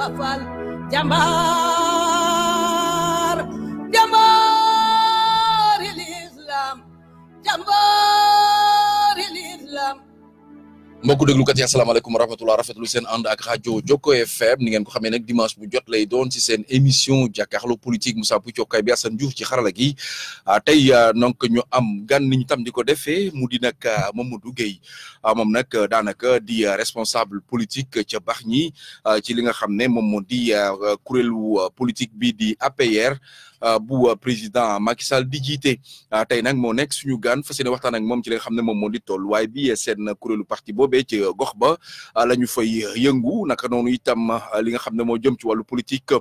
Bamba Fall jàmbaar mbokku déglukat yi asalaamaaleykum wa rahmatulah rafetlu sen and ak radio Joko FM ni ngeen ko xamé nak dimanche bu jot lay doon ci sen émission jakarlo politique Moussa Poucokay bi Assane ah, Diouf ci xarala gi tay ah, nonk ñu am gan ni tam di ko Mudi mu di nag ah, Mamadou Gueye mom nak danaka di responsable politique bax ñi ci li nga xamné mom mo di kurelu politique bi di APR. Euh, bu euh, président Macky Sall di jiite euh, tey nag moo nekk suñu gaan fas yéene waxtaan ak moom ci li nga xam ne moom moo di toll waaye bi seen kuréelu parti boobee ci gox ba la ñu fay yëngu naka noonu itam li nga xam ne moo jëm ci wàllu politique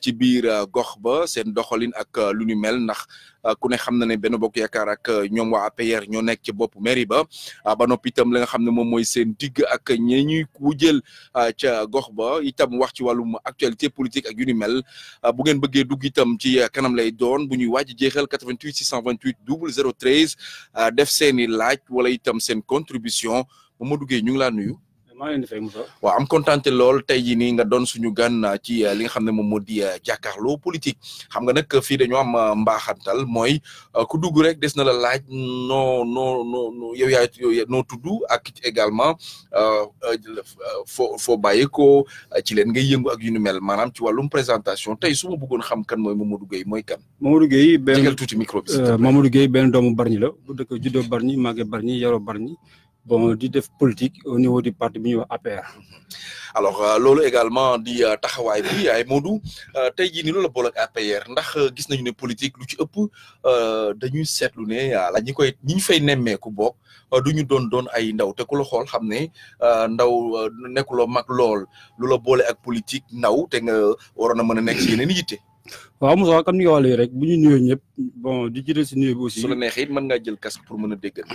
ci biir gox ba seen doxalin ak lu ñu mel ndax Euh, ku ne xam na ne benn bokk yaakaar ak euh, ñoom waa APR ñoo nekk ci bopp mairie ba euh, ba noppi itam la nga xam ne moom seen digg ak ñi ñuy wujjël ca gox ba itam wax ci wàllum actualité politique ak yu ni mel bu ngeen bëggee dugg itam ci kanam lay doon bu ñuy waaj jeexal 88 628 00 13 def seeni laaj wala itam seen contribution Mamadou Gueye ñu ngi laa nuyu. waaw am contenté lool tay jii nii nga doon suñu gan ci eh, li nga xam ne moom moo di eh, jàkkaarloo politique xam nga nag fii dañoo am eh, mbaaxantal mooy ku dugg rek des na la laaj noo noo noo yow yow noo tudd ak également foo foo bàyyi ko ci leen ngay yëngu ak yu ni mel maanaam ci wàllum présentation tay su ma bëggoon xam kan mooy Momadou Gueye mooy kan. Momadou Gueye benn jégal tuuti micro bi. Euh, Momadou Gueye benn doomu Barni la bu dëkk juddoo Barni màggee Barni yaroo Barni. bon di def politique au niveau du parti bi ñuy wax APR. Mhm. alors euh, loolu également di euh, taxawaay bi ay Modou euh, tey jii ni loolu la boole ak APR ndax gis nañu ne politique lu ci ëpp dañuy seetlu ne la ñi koy ñi ñu fay nemmeeku bokk du ñu doon doon ay ndaw tekul ku la xool xam ne ndaw nekkuloo mag lool lu la boole ak politique ndaw te nga waroon a mën a nekk si yeneen yitte. waaw Moussa comme ni nga wax rek bu ñu nuyoo ñëpp bon di jëlee si nuyoo bi si su la neexee it mën ngaa jël casque pour mën a déggante.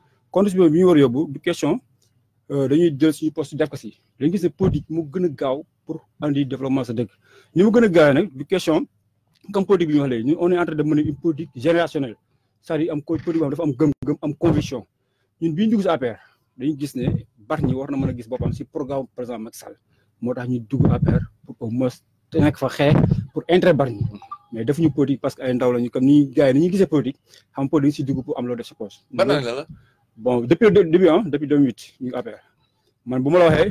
contribution bi ñu war a yóbbu du question euh, dañuy jël suñu poste def ko si dañu gis ne politique mu gën a gaaw pour andi développement sa dëkk ni mu gën a gaawee nag du question comme politique bi ñu wax léegi ñun on est en train de mener une politique générationnelle am politique boo xam dafa am gëm-gëm ñu dugg si APR dañu gis ne Bargny war na mën a gis boppam si programme président Macky Sall moo tax ñu dugg APR pour au moins te nekk fa xee pour intérêt Bargny mais defuñu politique parce que ay ndaw lañu comme ni gars ni ñuy gisee Bon, depuis le début, hein, depuis 2008,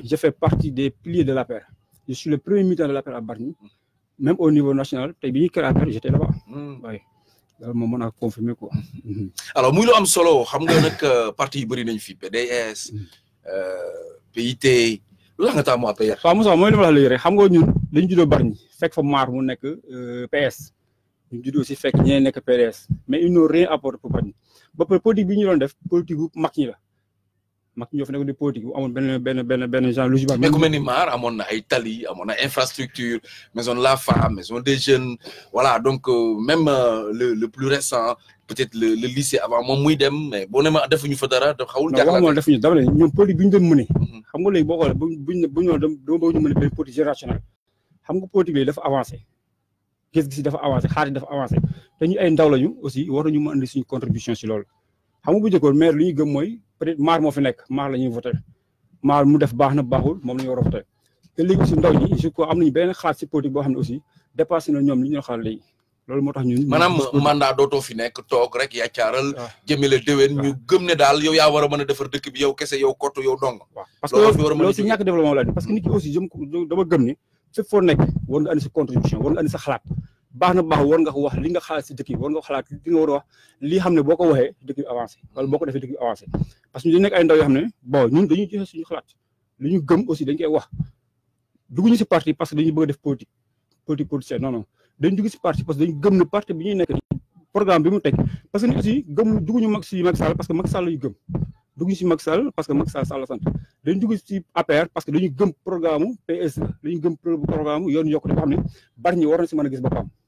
je fais partie des piliers de l'APR. Je suis le premier militant de l'APR à Barni, même au niveau national. J'étais là-bas. Hmm. Oui. Le moment a confirmé quoi. Hmm. alors muy lu am solo xam nga que euh, parti yu bëri nañu fi PDS. Hmm. Euh, PIT lu tax nga taamu APR. waaw Moussa mooy li ma la wax léegi rek xam nga ñun dañu juddoo Bargny fekk fa maar mu nekk euh, PS ñu juddoo si fekk ñeneen nekk PDS mais ils n'ont rien apporté pour Barni ba politique bi ñu def politique la politique mais ku ni na ay tali infrastructure maison la femme maison des jeunes voilà donc euh, même euh, le plus récent peut-être le lycée avant ma xawul. politique gis-gis dafa avancé xaar dafa avancé te ñu ay ndaw lañu aussi war nañu mën andi suñu contribution si lool xam nga bu lu ñu gëm mooy peut-être maar moo fi nekk maar la ñuy voté maar mu def baax na baaxul moom la ñu war a voté te léegi aussi ndaw ñi je crois am nañu beneen xaar si politique boo xam ne aussi dépassé na ñoom li ñu xaar léegi. loolu moo tax ñun maanaam mandat dootoo fi toog rek yaa caaral ah. jëmale déwén ñu ah. gëm ne daal yow yaa war a defar dëkk bi kese yow kott yow dong sa contribution baax na baax war nga ko wax li nga xalaat si dëkk yi war nga xalaat li nga war a wax lii xam ne boo ko waxee dëkk bi avancé wala boo ko defee dëkk bi avancé parce que ñu nekk ay ndaw yoo xam ne bon ñun aussi dañ koy wax dugguñu si parti parce que dañu bëgg def politique politique politicien non non dañ dugg si parti parce que gëm ne parti bi ñuy nekk programme bi mu teg parce que ni aussi gëm dugguñu mag si Macky Sall parce que mag Sall lañu gëm dugguñu si mag Sall parce que Macky Sall Sall la sant dañ dugg si APR parce que dañu gëm programme PS la dañu gëm programme yoon yokkute boo xam ne bari ñi war na si mën a gis boppam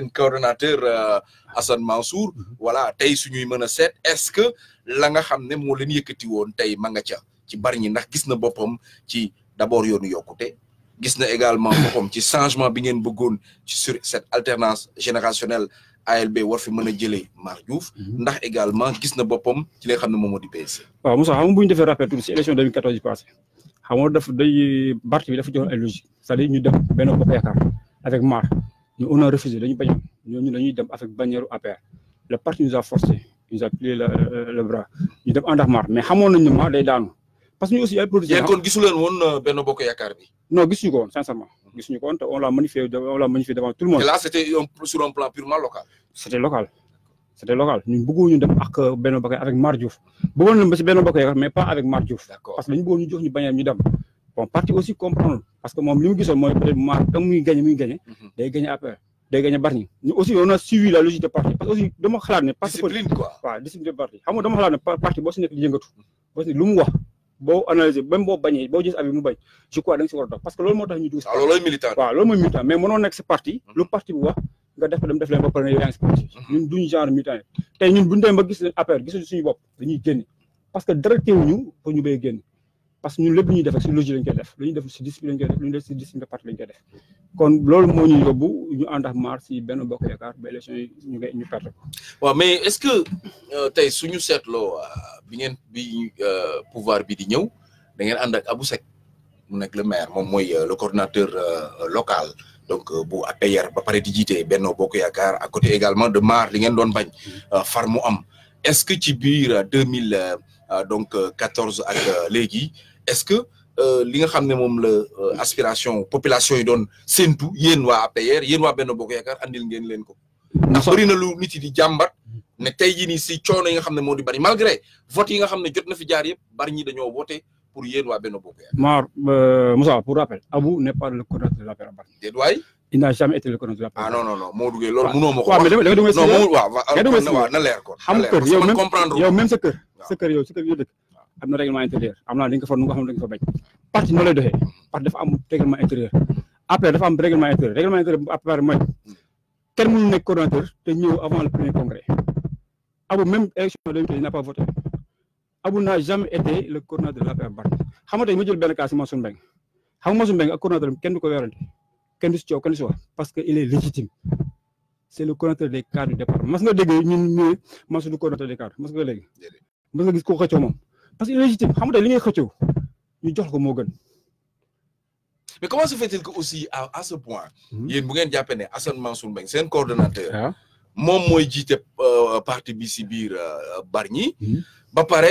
seen coordonnateur euh, Assane Mansour mhm. voilà tey suñuy mën a seet est-ce que la nga xam ne moo leen yëkkati woon tey ma nga ca ci bari ñi ndax gis na boppam ci d'abord yoon yokkute gis na également boppam ci changement bi ngeen bëggoon ci sur cette alternance générationnelle ALB war fi mën a jëlee Mar Diouf mhm. ndax également gis na boppam ci li xam ne moom moo di PSC. waaw Moussa xam nga bu ñu defee rappel tuuti si élection 2014 yi passé xam nga def day Barth bi dafa jox ay logique cest à ñu def benn bopp yaakaar avec Mar Nous, on a refusé, nous, nous, nous, avec bannière APR. Le parti nous a forcé, il nous a plié le, le, bras. Nous dem en Dahmar, mais nous ma day nous Parce que nous aussi, il y a kon produits. Vous avez Benno Boko Yakar Non, nous ko sincèrement. Nous l'avons on l'a on la magnifié devant tout le monde. Et là, c'était sur un plan purement local C'était local. C'était local. Nous beaucoup nous avec Benno Boko, avec Mardiouf. Beaucoup nous Benno Boko Yakar, mais pas avec marjouf Parce que nous ñu nous ñu que nous dem Bon, parti aussi comprendre. parce que mom limu mu moy peut être moment comme muy gagné muy gagné. Mhm. day gagné après day gagné barni ñu aussi on a suivi la logique de parti parce que aussi dama xalat ne. discipline quoi wa discipline de parti xam nga dama xalat ne parti bo ci nek di yëngatu mhm. bo ci lu wax. bo analyser même bo bañé bo gis abi mu bañ je crois dang ci wara dox parce que lool motax ñu dugg si lool militant wa lool moy militant mais mëno nek ci parti mhm. lu parti bu wax nga def dem def leen ba pare yang parti ñun duñ genre militant tay ñun buñ dem ba gis affaire suñu bop dañuy génn parce que dara teewuñu ko ñu bay génn parce que ñun lépp lu ñuy def ak si logique lañ koy def lu ñuy def si discipline lañ koy def lu ñuy def si discipline de parti lañ koy def kon loolu moo ñu yóbbu ñu ànd ak maar si benn bokk yaakaar ba élection yi ñu ngay ñu perte ko. waaw mais est-ce que euh, tey suñu seetloo euh, bi ngeen bi euh, pouvoir bi di ñëw da ngeen ànd ak Abou Seck mu nekk le maire moom mooy le coordonnateur local donc bu APR ba pare di jiite Benno Bokk Yaakaar à côté également de maar li ngeen doon bañ far mu am est-ce que ci biir deux mille donc quatorze ak léegi. est-ce que euh, li nga xam mom le la euh, aspiration population yi doon séntu yéen wa APR yéen wa ben Bokk Yaakaar andil ngeen len ko. ndax bari na lu nit di jàmbat. ne tay jii ci choono yi nga xam ne di bari malgré vote yi nga xam jot na fi jaar yeb bari ñi dañoo voté pour yéen wa ben Bokk Yaakaar. Mar euh, Moussa pour rappel Abou n'est pas le coordonnateur de la à Bargny. déedéet waay. il n'a jamais été le coordonnateur de la l'APR. ah non non non moo duggee lool munoo ma ko. waaw mais dama dama dama si wa na leer ko. xam ko yow même yow même ce cœur sa kër yow ce cœur yow dëkk am na règlement intérieur am naa dañ ko fa nu nga xam ne dañ fa bañ parti noonu lay doxee parti dafa am règlement intérieur après dafa am règlement intérieur règlement intérieur après mooy kenn mënu nekk coordonnateur te ñëw avant le premier congrès abu même élection n'a pas voté abu n'a jamais été le coordonnateur de l'APR Barth xam nga tey ma jël benn cas si Mansour Mbengue xam nga Mansour Mbengue ak kenn du ko weerante kenn du si coow kenn du si wax parce que il est des cadres du département mas nga dégg ñun ñu Mansour du coordonnateur nga gis ko moom parce que illégitime xam nga li ngay xëccoo ñu jox ko moo gën. mais comment se fait-il que aussi à à ce point. Hmm? yéen bu ngeen jàppee ne Assane Mansour Mbengue seen coordonnateur. Ah. moom mooy jiite euh, parti bi si biir euh, Bargny. Hmm? ba pare.